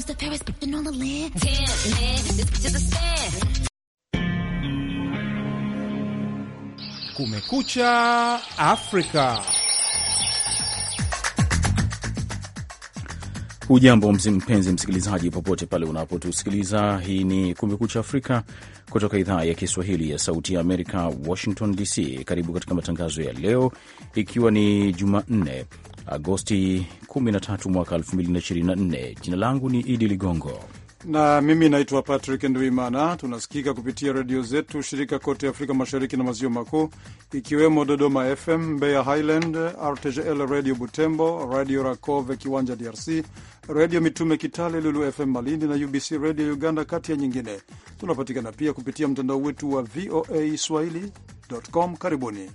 The Paris, on the land. Damn, man, this a Kumekucha Afrika. mzi mpenzi msikilizaji, popote pale unapotusikiliza. Hii ni Kumekucha Afrika kutoka idhaa ya Kiswahili ya Sauti ya Amerika, Washington DC. Karibu katika matangazo ya leo, ikiwa ni Jumanne Agosti 13 mwaka 2024. Jina langu ni Idi Ligongo na mimi naitwa Patrick nduimana Tunasikika kupitia redio zetu shirika kote Afrika Mashariki na Maziwa Makuu, ikiwemo Dodoma FM, Mbeya Highland, RTGL Radio Butembo, Radio Rakove Kiwanja DRC, Redio Mitume Kitale, Lulu FM Malindi na UBC Redio Uganda, kati ya nyingine. Tunapatikana pia kupitia mtandao wetu wa VOA Swahili.com. Karibuni.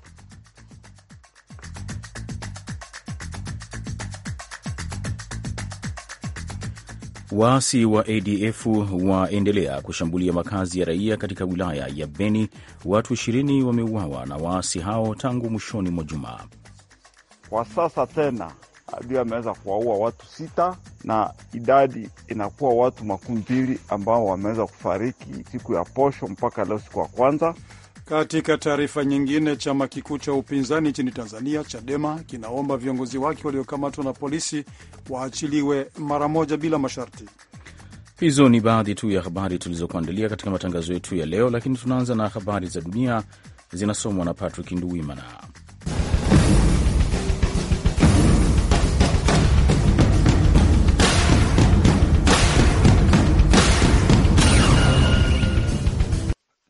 Waasi wa ADF waendelea kushambulia makazi ya raia katika wilaya ya Beni. Watu 20 wameuawa na waasi hao tangu mwishoni mwa jumaa. Kwa sasa tena adui ameweza kuwaua watu sita na idadi inakuwa watu makumi mbili ambao wameweza kufariki siku ya posho mpaka leo, siku ya kwanza katika taarifa nyingine, chama kikuu cha upinzani nchini Tanzania, Chadema, kinaomba viongozi wake waliokamatwa na polisi waachiliwe mara moja bila masharti. Hizo ni baadhi tu ya habari tulizokuandalia katika matangazo yetu ya leo, lakini tunaanza na habari za dunia zinasomwa na Patrick Nduwimana.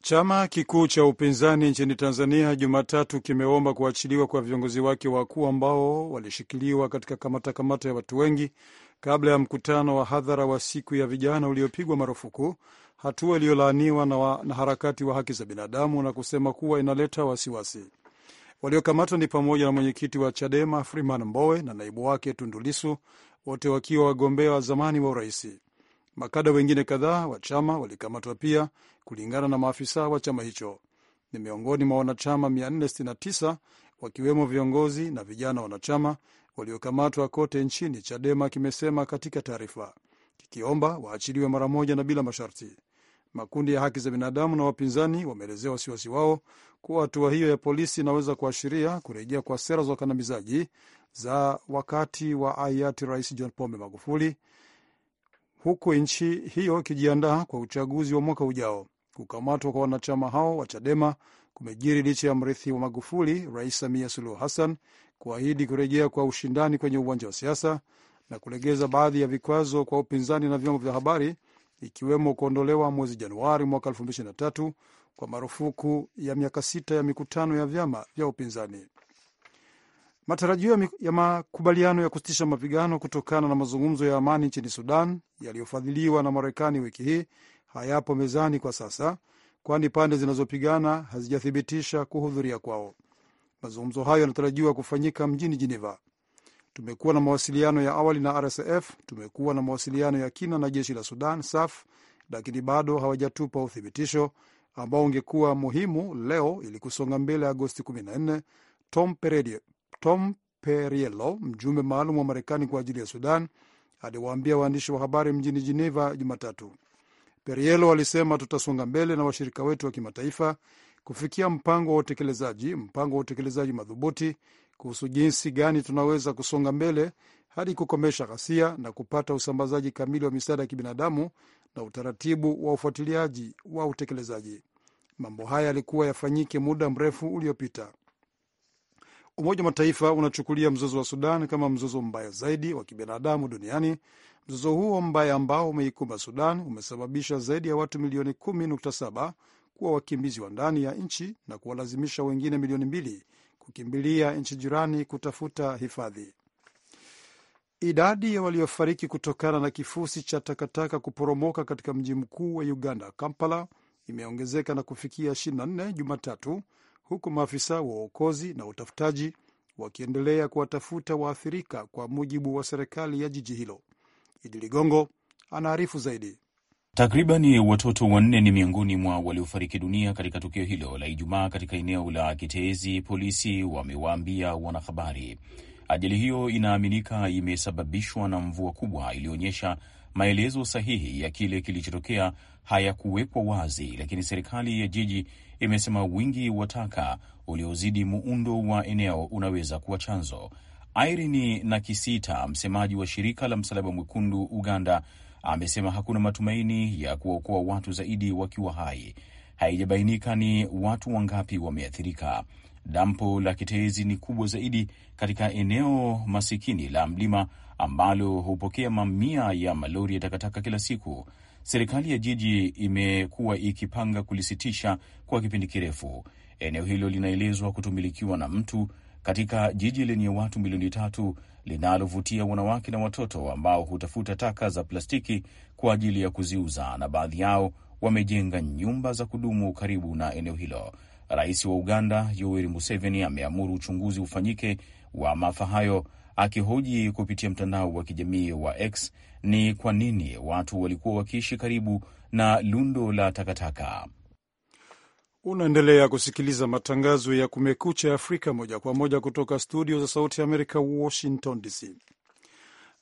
Chama kikuu cha upinzani nchini Tanzania Jumatatu kimeomba kuachiliwa kwa viongozi wake wakuu ambao walishikiliwa katika kamata kamata ya watu wengi kabla ya mkutano wa hadhara wa siku ya vijana uliopigwa marufuku, hatua iliyolaaniwa na harakati wa haki za binadamu na kusema kuwa inaleta wasiwasi. Waliokamatwa ni pamoja na mwenyekiti wa CHADEMA Freeman Mbowe na naibu wake tundulisu wote wakiwa wagombea wa zamani wa uraisi. Makada wengine kadhaa wa chama walikamatwa pia, kulingana na maafisa wa chama hicho. Ni miongoni mwa wanachama 469 wakiwemo viongozi na vijana wanachama waliokamatwa kote nchini, Chadema kimesema katika taarifa, kikiomba waachiliwe mara moja na bila masharti. Makundi ya haki za binadamu na wapinzani wameelezea wasiwasi wao kuwa hatua hiyo ya polisi inaweza kuashiria kurejea kwa sera za ukandamizaji za wakati wa hayati Rais John Pombe Magufuli huku nchi hiyo ikijiandaa kwa uchaguzi wa mwaka ujao. Kukamatwa kwa wanachama hao wa Chadema kumejiri licha ya mrithi wa Magufuli, Rais Samia Suluhu Hassan kuahidi kurejea kwa ushindani kwenye uwanja wa siasa na kulegeza baadhi ya vikwazo kwa upinzani na vyombo vya habari ikiwemo kuondolewa mwezi Januari mwaka 2023 kwa marufuku ya miaka sita ya mikutano ya vyama vya upinzani. Matarajio ya makubaliano ya kusitisha mapigano kutokana na mazungumzo ya amani nchini Sudan yaliyofadhiliwa na Marekani wiki hii hayapo mezani kwa sasa, kwani pande zinazopigana hazijathibitisha kuhudhuria kwao. Mazungumzo hayo yanatarajiwa kufanyika mjini Jeneva. Tumekuwa na mawasiliano ya awali na RSF, tumekuwa na mawasiliano ya kina na jeshi la Sudan SAF, lakini bado hawajatupa uthibitisho ambao ungekuwa muhimu leo ili kusonga mbele Agosti 14, Tom Tom Perriello, mjumbe maalum wa Marekani kwa ajili ya Sudan, aliwaambia waandishi wa habari mjini Geneva Jumatatu. Perriello alisema, tutasonga mbele na washirika wetu wa kimataifa kufikia mpango wa utekelezaji, mpango wa utekelezaji madhubuti kuhusu jinsi gani tunaweza kusonga mbele hadi kukomesha ghasia na kupata usambazaji kamili wa misaada ya kibinadamu na utaratibu wa ufuatiliaji wa utekelezaji. Mambo haya yalikuwa yafanyike muda mrefu uliopita. Umoja wa Mataifa unachukulia mzozo wa Sudan kama mzozo mbaya zaidi wa kibinadamu duniani. Mzozo huo mbaya ambao umeikumba Sudan umesababisha zaidi ya watu milioni 10.7 kuwa wakimbizi wa ndani ya nchi na kuwalazimisha wengine milioni mbili kukimbilia nchi jirani kutafuta hifadhi. Idadi ya waliofariki kutokana na kifusi cha takataka kuporomoka katika mji mkuu wa Uganda, Kampala, imeongezeka na kufikia 24 Jumatatu, huku maafisa wa uokozi na utafutaji wakiendelea kuwatafuta waathirika kwa mujibu wa serikali ya jiji hilo. Idi Ligongo anaarifu zaidi. Takribani watoto wanne ni miongoni mwa waliofariki dunia katika tukio hilo la Ijumaa katika eneo la kitezi polisi wamewaambia wanahabari. Ajali hiyo inaaminika imesababishwa na mvua kubwa iliyoonyesha. Maelezo sahihi ya kile kilichotokea hayakuwekwa wazi, lakini serikali ya jiji imesema wingi wa taka uliozidi muundo wa eneo unaweza kuwa chanzo. Irene Nakisita, msemaji wa shirika la Msalaba Mwekundu Uganda, amesema hakuna matumaini ya kuwaokoa watu zaidi wakiwa hai. Haijabainika ni watu wangapi wameathirika. Dampo la kitezi ni kubwa zaidi katika eneo masikini la mlima ambalo hupokea mamia ya malori ya takataka kila siku. Serikali ya jiji imekuwa ikipanga kulisitisha kwa kipindi kirefu. Eneo hilo linaelezwa kutumilikiwa na mtu katika jiji lenye watu milioni tatu linalovutia wanawake na watoto ambao hutafuta taka za plastiki kwa ajili ya kuziuza, na baadhi yao wamejenga nyumba za kudumu karibu na eneo hilo. Rais wa Uganda Yoweri Museveni ameamuru uchunguzi ufanyike wa maafa hayo, akihoji kupitia mtandao wa kijamii wa X ni kwa nini watu walikuwa wakiishi karibu na lundo la takataka. Unaendelea kusikiliza matangazo ya Kumekucha Afrika moja kwa moja kutoka studio za Sauti ya Amerika, Washington DC.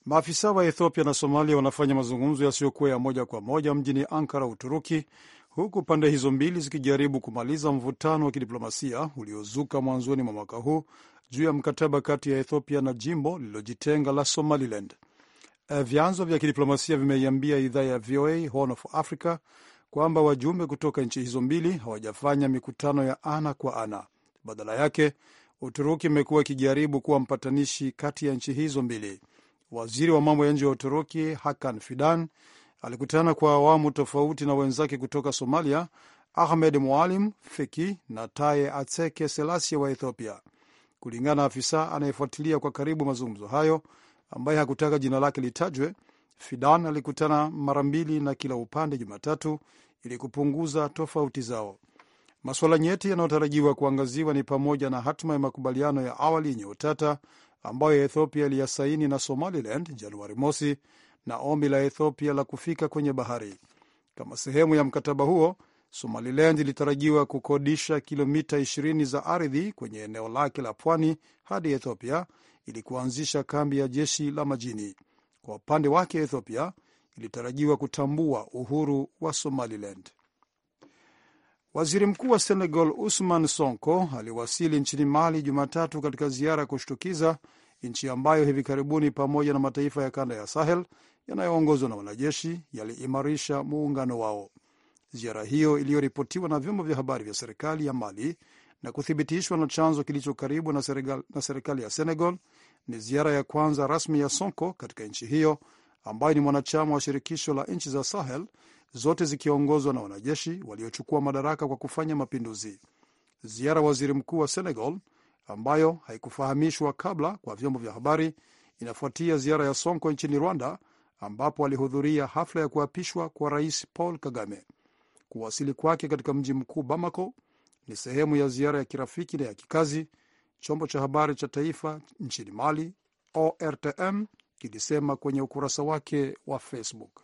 Maafisa wa Ethiopia na Somalia wanafanya mazungumzo yasiyokuwa ya moja kwa moja mjini Ankara, Uturuki, huku pande hizo mbili zikijaribu kumaliza mvutano wa kidiplomasia uliozuka mwanzoni mwa mwaka huu juu ya mkataba kati ya Ethiopia na jimbo lililojitenga la Somaliland. Eh, vyanzo vya kidiplomasia vimeiambia idhaa ya VOA Horn of Africa kwamba wajumbe kutoka nchi hizo mbili hawajafanya mikutano ya ana kwa ana. Badala yake, Uturuki imekuwa ikijaribu kuwa mpatanishi kati ya nchi hizo mbili. Waziri wa mambo ya nje wa Uturuki Hakan Fidan alikutana kwa awamu tofauti na wenzake kutoka Somalia, Ahmed Mualim Feki na Taye Atseke Selasie wa Ethiopia, kulingana na afisa anayefuatilia kwa karibu mazungumzo hayo ambaye hakutaka jina lake litajwe. Fidan alikutana mara mbili na kila upande Jumatatu ili kupunguza tofauti zao. Masuala nyeti yanayotarajiwa kuangaziwa ni pamoja na hatima ya makubaliano ya awali yenye utata ambayo Ethiopia iliyasaini na Somaliland Januari mosi na ombi la Ethiopia la kufika kwenye bahari. Kama sehemu ya mkataba huo, Somaliland ilitarajiwa kukodisha kilomita 20 za ardhi kwenye eneo lake la pwani hadi Ethiopia ili kuanzisha kambi ya jeshi la majini. Kwa upande wake, Ethiopia ilitarajiwa kutambua uhuru wa Somaliland. Waziri mkuu wa Senegal Usman Sonko aliwasili nchini Mali Jumatatu katika ziara ya kushtukiza, nchi ambayo hivi karibuni pamoja na mataifa ya kanda ya Sahel yanayoongozwa na wanajeshi yaliimarisha muungano wao. Ziara hiyo iliyoripotiwa na vyombo vya habari vya serikali ya Mali na kuthibitishwa na chanzo kilicho karibu na serikali ya Senegal ni ziara ya kwanza rasmi ya Sonko katika nchi hiyo ambayo ni mwanachama wa shirikisho la nchi za Sahel, zote zikiongozwa na wanajeshi waliochukua madaraka kwa kufanya mapinduzi. Ziara waziri mkuu wa Senegal ambayo haikufahamishwa kabla kwa vyombo vya habari inafuatia ziara ya Sonko nchini Rwanda ambapo alihudhuria hafla ya kuapishwa kwa Rais Paul Kagame. Kuwasili kwake katika mji mkuu Bamako ni sehemu ya ziara ya kirafiki na ya kikazi Chombo cha habari cha taifa nchini Mali, ORTM, kilisema kwenye ukurasa wake wa Facebook.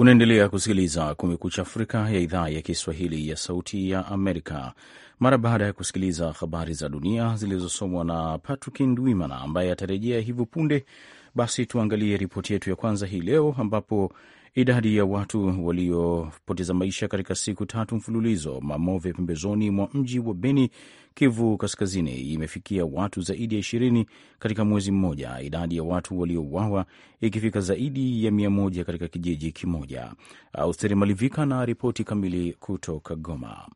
Unaendelea kusikiliza Kumekucha Afrika ya idhaa ya Kiswahili ya Sauti ya Amerika. Mara baada ya kusikiliza habari za dunia zilizosomwa na Patrick Ndwimana ambaye atarejea hivyo punde, basi tuangalie ripoti yetu ya kwanza hii leo ambapo Idadi ya watu waliopoteza maisha katika siku tatu mfululizo Mamove, pembezoni mwa mji wa Beni, Kivu Kaskazini, imefikia watu zaidi ya ishirini katika mwezi mmoja, idadi ya watu waliouawa ikifika zaidi ya mia moja katika kijiji kimoja. Austeri Malivika na ripoti kamili kutoka Goma.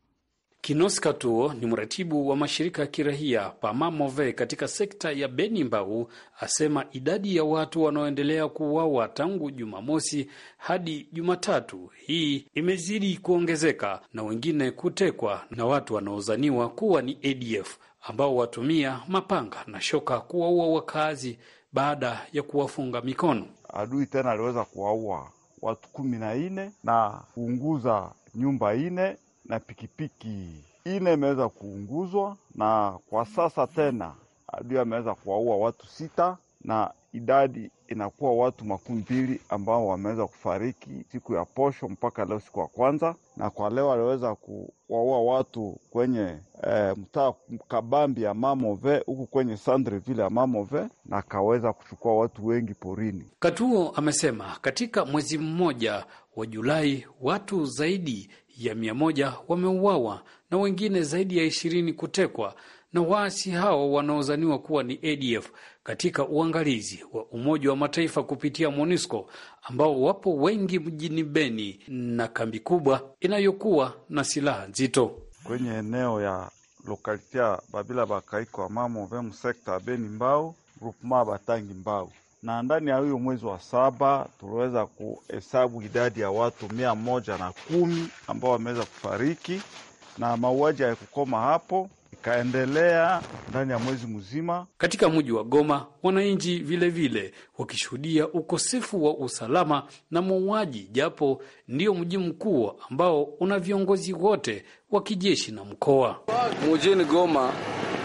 Kinos Katuo ni mratibu wa mashirika ya kirahia Pamamove katika sekta ya Beni Mbau, asema idadi ya watu wanaoendelea kuuawa tangu Jumamosi hadi Jumatatu hii imezidi kuongezeka na wengine kutekwa na watu wanaozaniwa kuwa ni ADF ambao watumia mapanga na shoka kuwaua wakazi baada ya kuwafunga mikono. Adui tena aliweza kuwaua watu kumi na nne na kuunguza nyumba nne na pikipiki ine imeweza kuunguzwa, na kwa sasa tena adui ameweza kuwaua watu sita na idadi inakuwa watu makumi mbili ambao wameweza kufariki siku ya posho mpaka leo, siku ya kwanza. Na kwa leo aliweza kuwaua watu kwenye e, mtaa kabambi ya Mamove huku kwenye sandrevile ya Mamove, na akaweza kuchukua watu wengi porini. Katuo amesema katika mwezi mmoja wa Julai watu zaidi ya mia moja wameuawa na wengine zaidi ya ishirini kutekwa na waasi hao wanaozaniwa kuwa ni ADF katika uangalizi wa Umoja wa Mataifa kupitia MONUSCO ambao wapo wengi mjini Beni na kambi kubwa inayokuwa na silaha nzito kwenye eneo ya lokalitia Babila Bakaiko Amamo Vemu sekta Beni Mbau Grupema Batangi Mbau na ndani ya huyo mwezi wa saba tuliweza kuhesabu idadi ya watu mia moja na kumi ambao wameweza kufariki, na mauaji hayakukoma hapo kaendelea ndani ya mwezi mzima katika mji wa Goma. Wananchi vilevile wakishuhudia ukosefu wa usalama na mauaji, japo ndio mji mkuu ambao una viongozi wote wa kijeshi na mkoa. Mjini Goma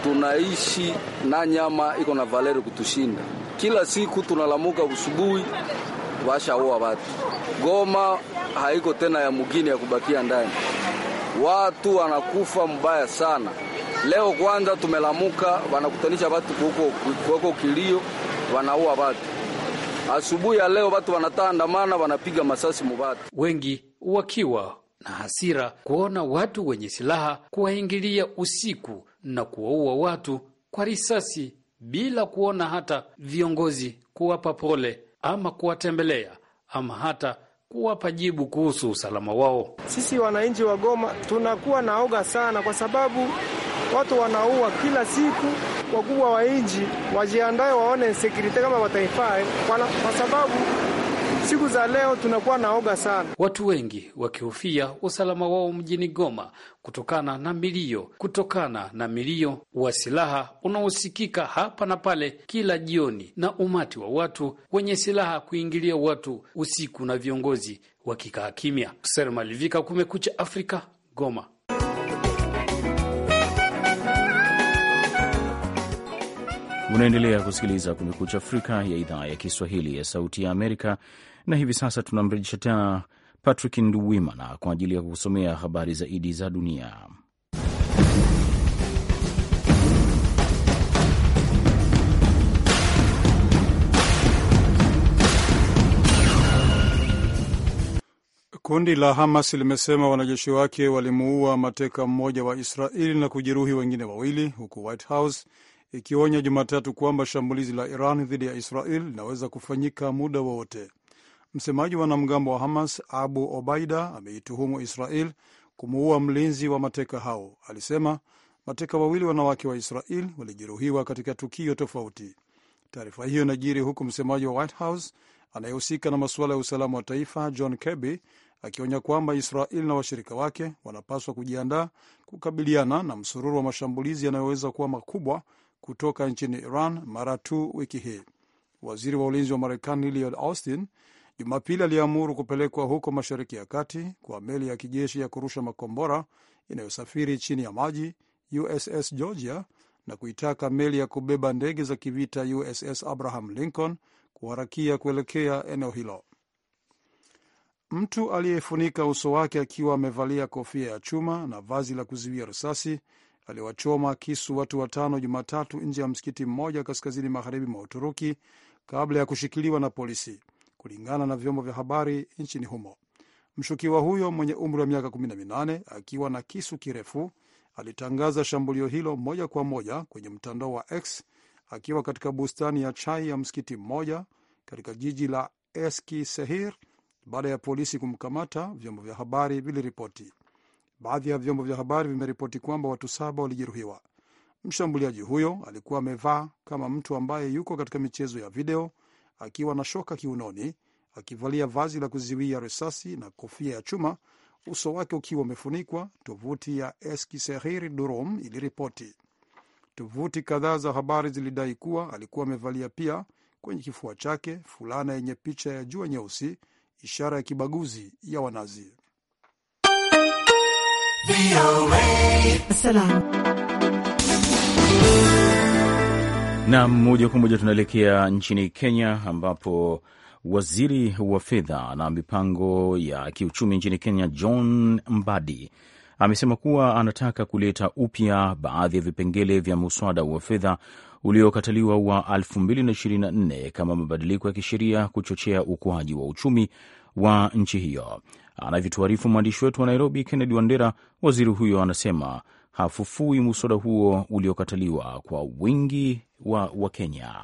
tunaishi na nyama iko na valeri kutushinda kila siku, tunalamuka usubuhi washaua watu. Goma haiko tena ya mugini ya kubakia ndani, watu wanakufa mbaya sana. Leo kwanza tumelamuka, wanakutanisha watu kuweko kilio, wanaua watu. Asubuhi ya leo watu wanataandamana, wanapiga masasi mubatu, wengi wakiwa na hasira kuona watu wenye silaha kuwaingilia usiku na kuwaua watu kwa risasi bila kuona hata viongozi kuwapa pole ama kuwatembelea ama hata kuwapa jibu kuhusu usalama wao. Sisi wananchi wa Goma tunakuwa naoga sana kwa sababu watu wanaua kila siku. Wakubwa wa nchi wajiandae, waone sekurite kama wataifae kwa sababu siku za leo tunakuwa naoga sana, watu wengi wakihofia usalama wao mjini Goma kutokana na milio kutokana na milio wa silaha unaosikika hapa na pale kila jioni, na umati wa watu wenye silaha kuingilia watu usiku na viongozi wakikaa kimya. Sermalivika, Kumekucha Afrika, Goma. Unaendelea kusikiliza Kumekucha Afrika ya idhaa ya Kiswahili ya Sauti ya Amerika, na hivi sasa tunamrejesha tena Patrick Nduwimana kwa ajili ya kukusomea habari zaidi za dunia. Kundi la Hamas limesema wanajeshi wake walimuua mateka mmoja wa Israeli na kujeruhi wengine wawili, huku White House ikionya Jumatatu kwamba shambulizi la Iran dhidi ya Israel linaweza kufanyika muda wowote. Msemaji wa wanamgambo wa Hamas Abu Obaida ameituhumu Israel kumuua mlinzi wa mateka hao. Alisema mateka wawili wanawake wa Israel walijeruhiwa katika tukio tofauti. Taarifa hiyo inajiri huku msemaji wa White House anayehusika na masuala ya usalama wa taifa John Kirby akionya kwamba Israel na washirika wake wanapaswa kujiandaa kukabiliana na msururu wa mashambulizi yanayoweza kuwa makubwa kutoka nchini Iran mara tu wiki hii. Waziri wa ulinzi wa Marekani Lloyd Austin Jumapili aliamuru kupelekwa huko Mashariki ya Kati kwa meli ya kijeshi ya kurusha makombora inayosafiri chini ya maji USS Georgia na kuitaka meli ya kubeba ndege za kivita USS Abraham Lincoln kuharakia kuelekea eneo hilo. Mtu aliyefunika uso wake akiwa amevalia kofia ya chuma na vazi la kuzuia risasi aliwachoma kisu watu watano Jumatatu nje ya msikiti mmoja kaskazini magharibi mwa Uturuki kabla ya kushikiliwa na polisi, kulingana na vyombo vya habari nchini humo. Mshukiwa huyo mwenye umri wa miaka 18 akiwa na kisu kirefu alitangaza shambulio hilo moja kwa moja kwenye mtandao wa X akiwa katika bustani ya chai ya msikiti mmoja katika jiji la Eskisehir baada ya polisi kumkamata, vyombo vya habari viliripoti. Baadhi ya vyombo vya habari vimeripoti kwamba watu saba walijeruhiwa. Mshambuliaji huyo alikuwa amevaa kama mtu ambaye yuko katika michezo ya video, akiwa na shoka kiunoni, akivalia vazi la kuziwia risasi na kofia ya chuma, uso wake ukiwa umefunikwa, tovuti ya Eskisehiri Durom iliripoti. Tovuti kadhaa za habari zilidai kuwa alikuwa amevalia pia kwenye kifua chake fulana yenye picha ya jua nyeusi, ishara ya kibaguzi ya Wanazi nam moja kwa moja tunaelekea nchini Kenya ambapo waziri wa fedha na mipango ya kiuchumi nchini Kenya John Mbadi amesema kuwa anataka kuleta upya baadhi ya vipengele vya muswada wa fedha uliokataliwa wa 2024 kama mabadiliko ya kisheria kuchochea ukuaji wa uchumi wa nchi hiyo. Anavyotuarifu mwandishi wetu wa Nairobi, Kennedy Wandera, waziri huyo anasema hafufui muswada huo uliokataliwa kwa wingi wa Wakenya.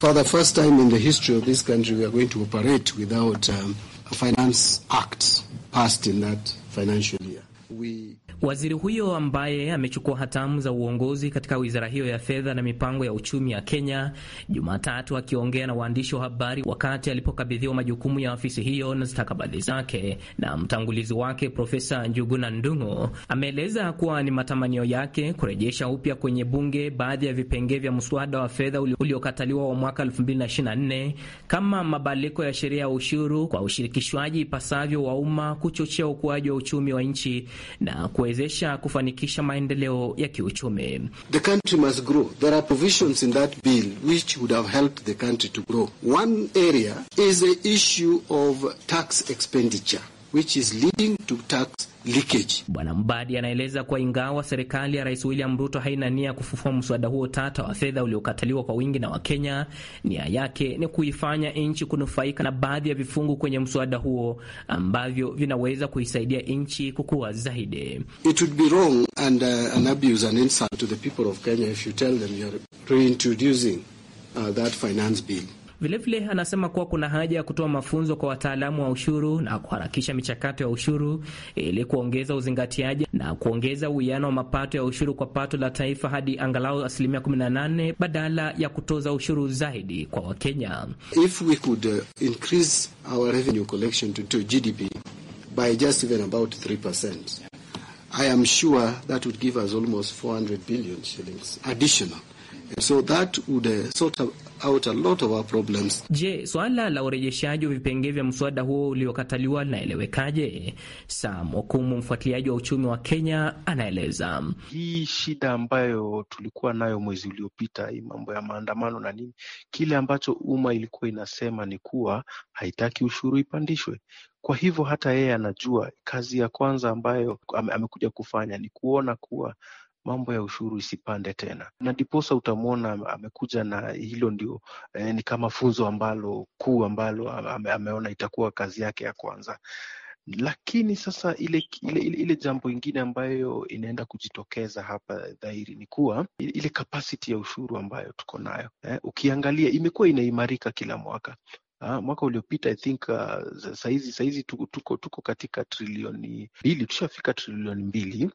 For the first time in the history of this country we are going to operate without um, a finance act passed in that financial year. We Waziri huyo ambaye amechukua hatamu za uongozi katika wizara hiyo ya fedha na mipango ya uchumi ya Kenya, Jumatatu akiongea na waandishi wa habari wakati alipokabidhiwa majukumu ya ofisi hiyo na stakabadhi zake na mtangulizi wake Profesa Njuguna Ndung'u, ameeleza kuwa ni matamanio yake kurejesha upya kwenye bunge baadhi ya vipengee vya mswada wa fedha uliokataliwa wa mwaka 2024 kama mabadiliko ya sheria ya ushuru kwa ushirikishwaji ipasavyo wa umma, kuchochea ukuaji wa uchumi wa nchi na kwe kuwawezesha kufanikisha maendeleo ya kiuchumi. The country must grow. There are provisions in that bill which would have helped the country to grow. One area is the issue of tax expenditure which is leading to tax leakage. Bwana Mbadi anaeleza kuwa ingawa serikali ya Rais William Ruto haina nia ya kufufua mswada huo tata wa fedha uliokataliwa kwa wingi na Wakenya, nia yake ni kuifanya nchi kunufaika na baadhi ya vifungu kwenye mswada huo ambavyo vinaweza kuisaidia nchi kukua zaidi. It would be wrong and, uh, an abuse and insult to the people of Kenya if you tell them you are reintroducing, uh, that finance bill. Vilevile anasema kuwa kuna haja ya kutoa mafunzo kwa wataalamu wa ushuru na kuharakisha michakato ya ushuru ili kuongeza uzingatiaji na kuongeza uwiano wa mapato ya ushuru kwa pato la taifa hadi angalau asilimia 18 badala ya kutoza ushuru zaidi kwa Wakenya. If we could, uh, increase our revenue collection to, to GDP by just even about 3%, I am sure that would give us almost 400 billion shillings additional. So that would, uh, sort of out a lot of our problems. Je, swala la urejeshaji wa vipengee vya mswada huo uliokataliwa linaelewekaje? Sam Okumu, mfuatiliaji wa uchumi wa Kenya, anaeleza. Hii shida ambayo tulikuwa nayo mwezi uliopita, hii mambo ya maandamano na nini, kile ambacho umma ilikuwa inasema ni kuwa haitaki ushuru ipandishwe. Kwa hivyo hata yeye anajua kazi ya kwanza ambayo amekuja kufanya ni kuona kuwa mambo ya ushuru isipande tena, na ndiposa utamwona amekuja na hilo ndio eh, ni kama funzo ambalo kuu ambalo ame, ameona itakuwa kazi yake ya kwanza lakini sasa ile, ile, ile, ile jambo ingine ambayo inaenda kujitokeza hapa dhahiri ni kuwa ile kapasiti ya ushuru ambayo tuko nayo eh, ukiangalia imekuwa inaimarika kila mwaka. Ha, ah, mwaka uliopita I think uh, ah, sahizi sahizi tuko, tuko, tuko katika trilioni mbili tushafika trilioni mbili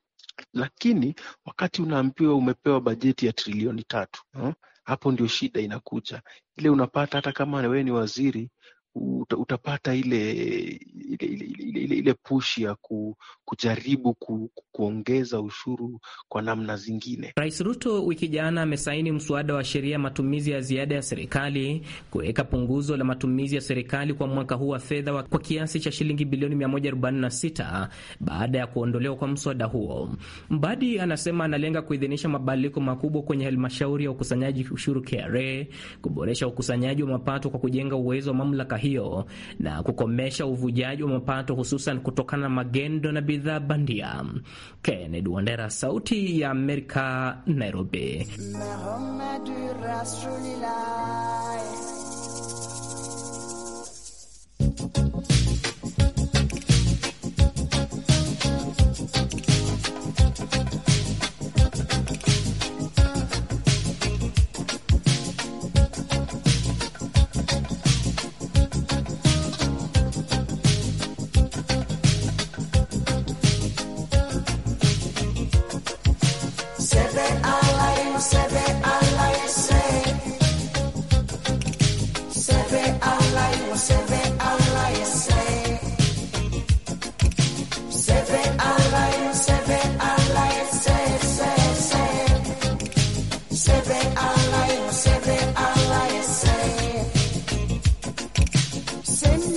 lakini wakati unaambiwa umepewa bajeti ya trilioni tatu eh, hapo ndio shida inakuja ile unapata hata kama wewe ni waziri uta, utapata ile ile, ile, ile, ile, ile push ya ku, kujaribu ku, kuongeza ushuru kwa namna zingine. Rais Ruto wiki jana amesaini mswada wa sheria ya matumizi ya ziada ya serikali kuweka punguzo la matumizi ya serikali kwa mwaka huu wa fedha kwa kiasi cha shilingi bilioni 146 baada ya kuondolewa kwa mswada huo. Mbadi anasema analenga kuidhinisha mabadiliko makubwa kwenye halmashauri ya ukusanyaji ushuru KRA, kuboresha ukusanyaji wa mapato kwa kujenga uwezo wa mamlaka hiyo na kukomesha uvujaji wa mapato hususan kutokana na magendo na bidhaa bandia. Kennedy Wandera, Sauti ya Amerika, Nairobi.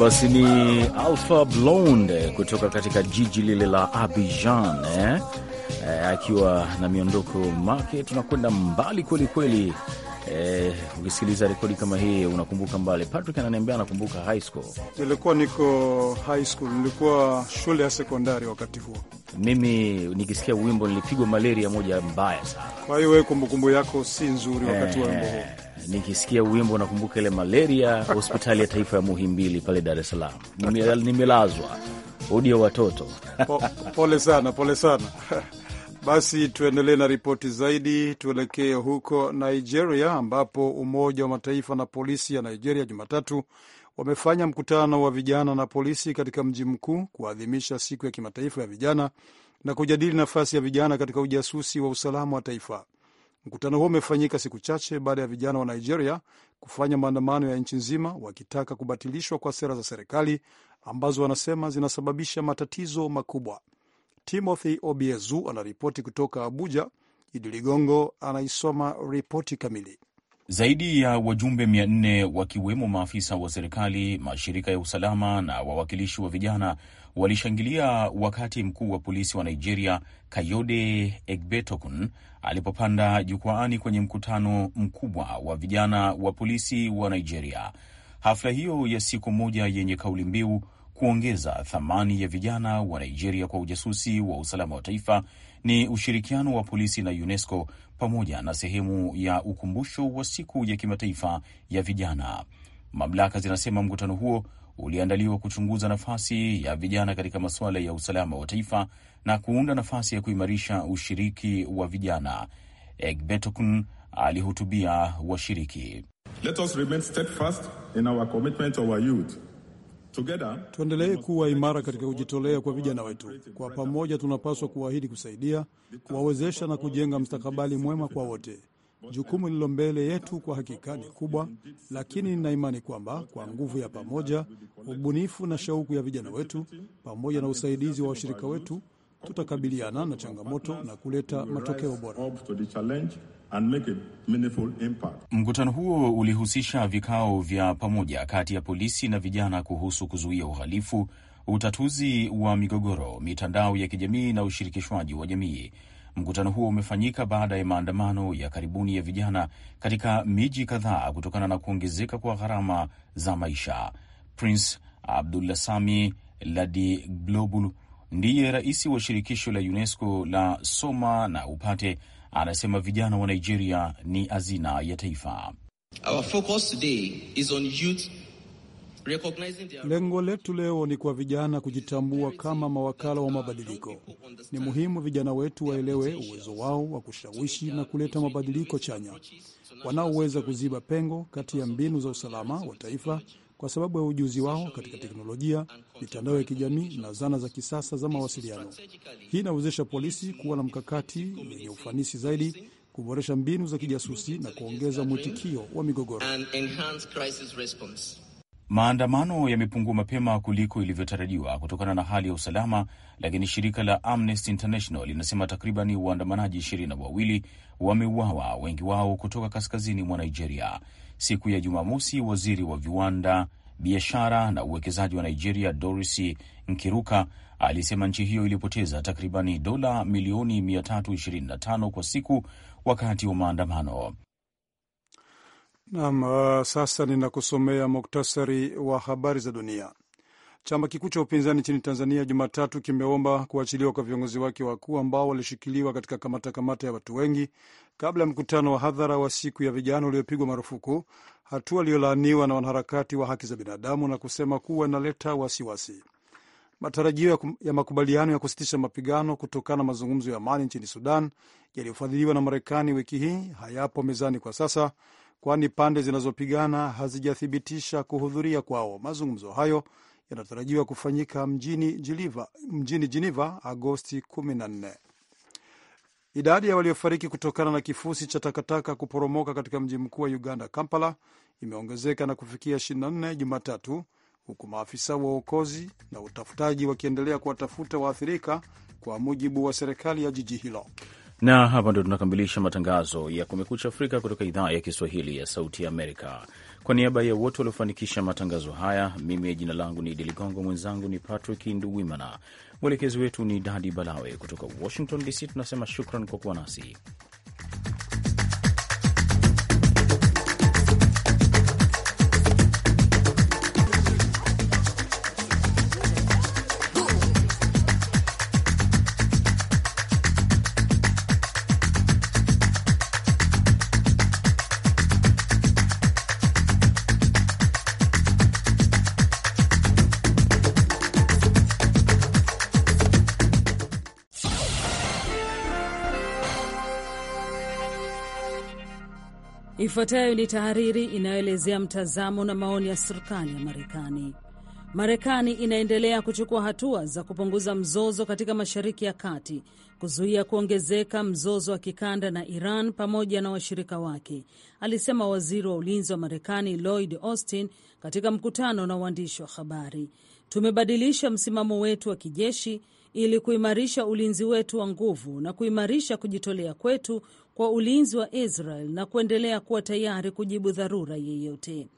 basi ni Alpha Blonde kutoka katika jiji lile la Abidjan eh? Eh, akiwa na miondoko make, tunakwenda mbali kwelikweli. Eh, ukisikiliza rekodi kama hii unakumbuka mbali. Patrick ananiambia anakumbuka high school. Nilikuwa niko high school, nilikuwa shule ya sekondari wakati huo. Mimi nikisikia wimbo nilipigwa malaria moja mbaya sana. Kwa hiyo wewe kumbukumbu yako si nzuri wakati eh, wa wimbo huo eh, nikisikia wimbo nakumbuka ile malaria hospitali ya taifa ya Muhimbili pale Dar es Salaam, nimelazwa udio watoto po, pole sana, pole sana. Basi tuendelee na ripoti zaidi, tuelekee huko Nigeria ambapo Umoja wa Mataifa na polisi ya Nigeria Jumatatu wamefanya mkutano wa vijana na polisi katika mji mkuu kuadhimisha siku ya kimataifa ya vijana na kujadili nafasi ya vijana katika ujasusi wa usalama wa taifa. Mkutano huo umefanyika siku chache baada ya vijana wa Nigeria kufanya maandamano ya nchi nzima wakitaka kubatilishwa kwa sera za serikali ambazo wanasema zinasababisha matatizo makubwa. Timothy Obiezu anaripoti kutoka Abuja. Idi Ligongo anaisoma ripoti kamili. Zaidi ya wajumbe mia nne wakiwemo maafisa wa serikali, mashirika ya usalama na wawakilishi wa vijana walishangilia wakati mkuu wa polisi wa Nigeria Kayode Egbetokun alipopanda jukwaani kwenye mkutano mkubwa wa vijana wa polisi wa Nigeria. Hafla hiyo ya siku moja yenye kauli mbiu kuongeza thamani ya vijana wa Nigeria kwa ujasusi wa usalama wa taifa ni ushirikiano wa polisi na UNESCO pamoja na sehemu ya ukumbusho wa siku ya kimataifa ya vijana. Mamlaka zinasema mkutano huo uliandaliwa kuchunguza nafasi ya vijana katika masuala ya usalama wa taifa na kuunda nafasi ya kuimarisha ushiriki wa vijana. Egbertokun alihutubia washiriki. Let us remain steadfast in our commitment to our youth Tuendelee kuwa imara katika kujitolea kwa vijana wetu. Kwa pamoja, tunapaswa kuahidi kusaidia, kuwawezesha na kujenga mstakabali mwema kwa wote. Jukumu lililo mbele yetu kwa hakika ni kubwa, lakini nina imani kwamba kwa nguvu ya pamoja, ubunifu na shauku ya vijana wetu, pamoja na usaidizi wa washirika wetu, tutakabiliana na changamoto na kuleta matokeo bora and make a meaningful impact. Mkutano huo ulihusisha vikao vya pamoja kati ya polisi na vijana kuhusu kuzuia uhalifu, utatuzi wa migogoro, mitandao ya kijamii na ushirikishwaji wa jamii. Mkutano huo umefanyika baada ya maandamano ya karibuni ya vijana katika miji kadhaa kutokana na kuongezeka kwa gharama za maisha. Prince Abdulasami Global ndiye rais wa shirikisho la UNESCO la Soma na Upate anasema vijana wa Nigeria ni azina ya taifa. Our focus today is on youth. Lengo letu leo ni kwa vijana kujitambua kama mawakala wa mabadiliko. Ni muhimu vijana wetu waelewe uwezo wao wa kushawishi na kuleta mabadiliko chanya, wanaoweza kuziba pengo kati ya mbinu za usalama wa taifa kwa sababu ya ujuzi wao katika teknolojia, mitandao ya kijamii na zana za kisasa za mawasiliano. Hii inawezesha polisi kuwa na mkakati wenye ufanisi zaidi, kuboresha mbinu za kijasusi na kuongeza mwitikio wa migogoro. Maandamano yamepungua mapema kuliko ilivyotarajiwa kutokana na hali ya usalama, lakini shirika la Amnesty International linasema takribani waandamanaji ishirini na wawili wameuawa, wengi wao kutoka kaskazini mwa Nigeria. Siku ya Jumamosi, waziri wa viwanda, biashara na uwekezaji wa Nigeria, Doris Nkiruka, alisema nchi hiyo ilipoteza takribani dola milioni 325 kwa siku wakati wa maandamano. Naam, uh, sasa ninakusomea muktasari wa habari za dunia. Chama kikuu cha upinzani nchini Tanzania Jumatatu kimeomba kuachiliwa kwa viongozi wake wakuu ambao walishikiliwa katika kamata kamata ya watu wengi kabla ya mkutano wa hadhara wa siku ya vijana uliopigwa marufuku, hatua iliyolaaniwa na wanaharakati wa haki za binadamu na kusema kuwa inaleta wasiwasi. Matarajio ya makubaliano ya kusitisha mapigano kutokana na mazungumzo ya amani nchini Sudan yaliyofadhiliwa na Marekani wiki hii hayapo mezani kwa sasa, kwani pande zinazopigana hazijathibitisha kuhudhuria kwao mazungumzo hayo yanatarajiwa kufanyika mjini Geneva, mjini Jiniva Agosti 14. Idadi ya waliofariki kutokana na kifusi cha takataka kuporomoka katika mji mkuu wa Uganda, Kampala, imeongezeka na kufikia 24 Jumatatu, huku maafisa wa uokozi na utafutaji wakiendelea kuwatafuta waathirika kwa mujibu wa serikali ya jiji hilo. Na hapa ndio tunakamilisha matangazo ya Kumekucha Afrika kutoka idhaa ya Kiswahili ya Sauti ya Amerika. Kwa niaba ya wote waliofanikisha matangazo haya, mimi jina langu ni Idi Ligongo, mwenzangu ni Patrick Nduwimana, mwelekezi wetu ni Dadi Balawe. Kutoka Washington DC tunasema shukran kwa kuwa nasi. Ifuatayo ni tahariri inayoelezea mtazamo na maoni ya serikali ya Marekani. Marekani inaendelea kuchukua hatua za kupunguza mzozo katika Mashariki ya Kati, kuzuia kuongezeka mzozo wa kikanda na Iran pamoja na washirika wake, alisema waziri wa ulinzi wa Marekani Lloyd Austin katika mkutano na waandishi wa habari. Tumebadilisha msimamo wetu wa kijeshi ili kuimarisha ulinzi wetu wa nguvu na kuimarisha kujitolea kwetu kwa ulinzi wa Israel na kuendelea kuwa tayari kujibu dharura yeyote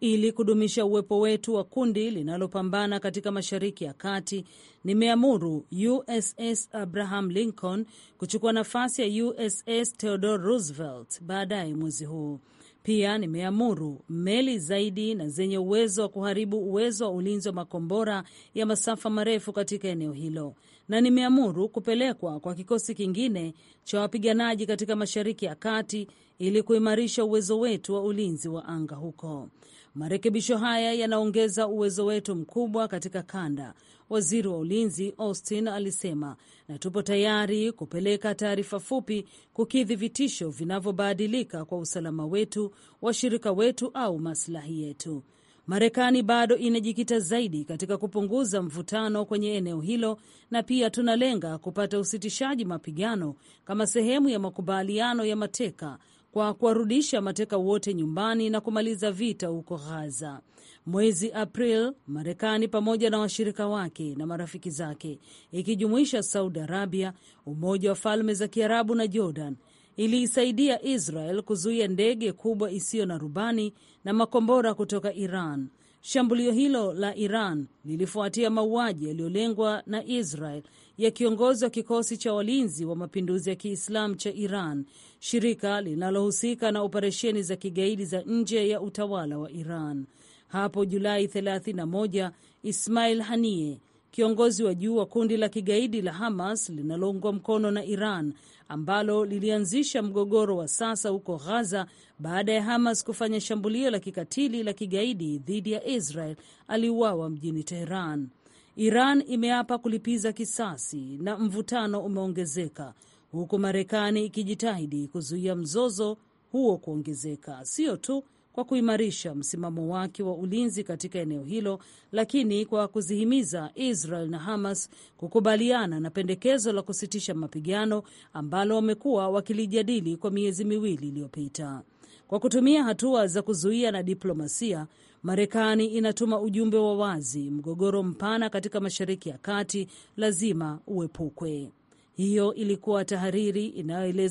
ili kudumisha uwepo wetu wa kundi linalopambana katika Mashariki ya Kati, nimeamuru USS Abraham Lincoln kuchukua nafasi ya USS Theodore Roosevelt baadaye mwezi huu. Pia nimeamuru meli zaidi na zenye uwezo wa kuharibu uwezo wa ulinzi wa makombora ya masafa marefu katika eneo hilo na nimeamuru kupelekwa kwa kikosi kingine cha wapiganaji katika Mashariki ya Kati ili kuimarisha uwezo wetu wa ulinzi wa anga huko. Marekebisho haya yanaongeza uwezo wetu mkubwa katika kanda, waziri wa ulinzi Austin alisema, na tupo tayari kupeleka taarifa fupi kukidhi vitisho vinavyobadilika kwa usalama wetu, washirika wetu au maslahi yetu. Marekani bado inajikita zaidi katika kupunguza mvutano kwenye eneo hilo, na pia tunalenga kupata usitishaji mapigano kama sehemu ya makubaliano ya mateka kwa kuwarudisha mateka wote nyumbani na kumaliza vita huko Gaza. Mwezi April, Marekani pamoja na washirika wake na marafiki zake ikijumuisha Saudi Arabia, Umoja wa Falme za Kiarabu na Jordan iliisaidia Israel kuzuia ndege kubwa isiyo na rubani na makombora kutoka Iran. Shambulio hilo la Iran lilifuatia mauaji yaliyolengwa na Israel ya kiongozi wa kikosi cha walinzi wa mapinduzi ya Kiislamu cha Iran, shirika linalohusika na operesheni za kigaidi za nje ya utawala wa Iran. Hapo Julai 31, Ismail Haniyeh kiongozi wa juu wa kundi la kigaidi la Hamas linaloungwa mkono na Iran ambalo lilianzisha mgogoro wa sasa huko Gaza baada ya Hamas kufanya shambulio la kikatili la kigaidi dhidi ya Israel aliuawa mjini Teheran. Iran imeapa kulipiza kisasi na mvutano umeongezeka huku Marekani ikijitahidi kuzuia mzozo huo kuongezeka, sio tu kwa kuimarisha msimamo wake wa ulinzi katika eneo hilo, lakini kwa kuzihimiza Israel na Hamas kukubaliana na pendekezo la kusitisha mapigano ambalo wamekuwa wakilijadili kwa miezi miwili iliyopita. Kwa kutumia hatua za kuzuia na diplomasia, Marekani inatuma ujumbe wa wazi: mgogoro mpana katika Mashariki ya Kati lazima uepukwe. Hiyo ilikuwa tahariri inayoeleza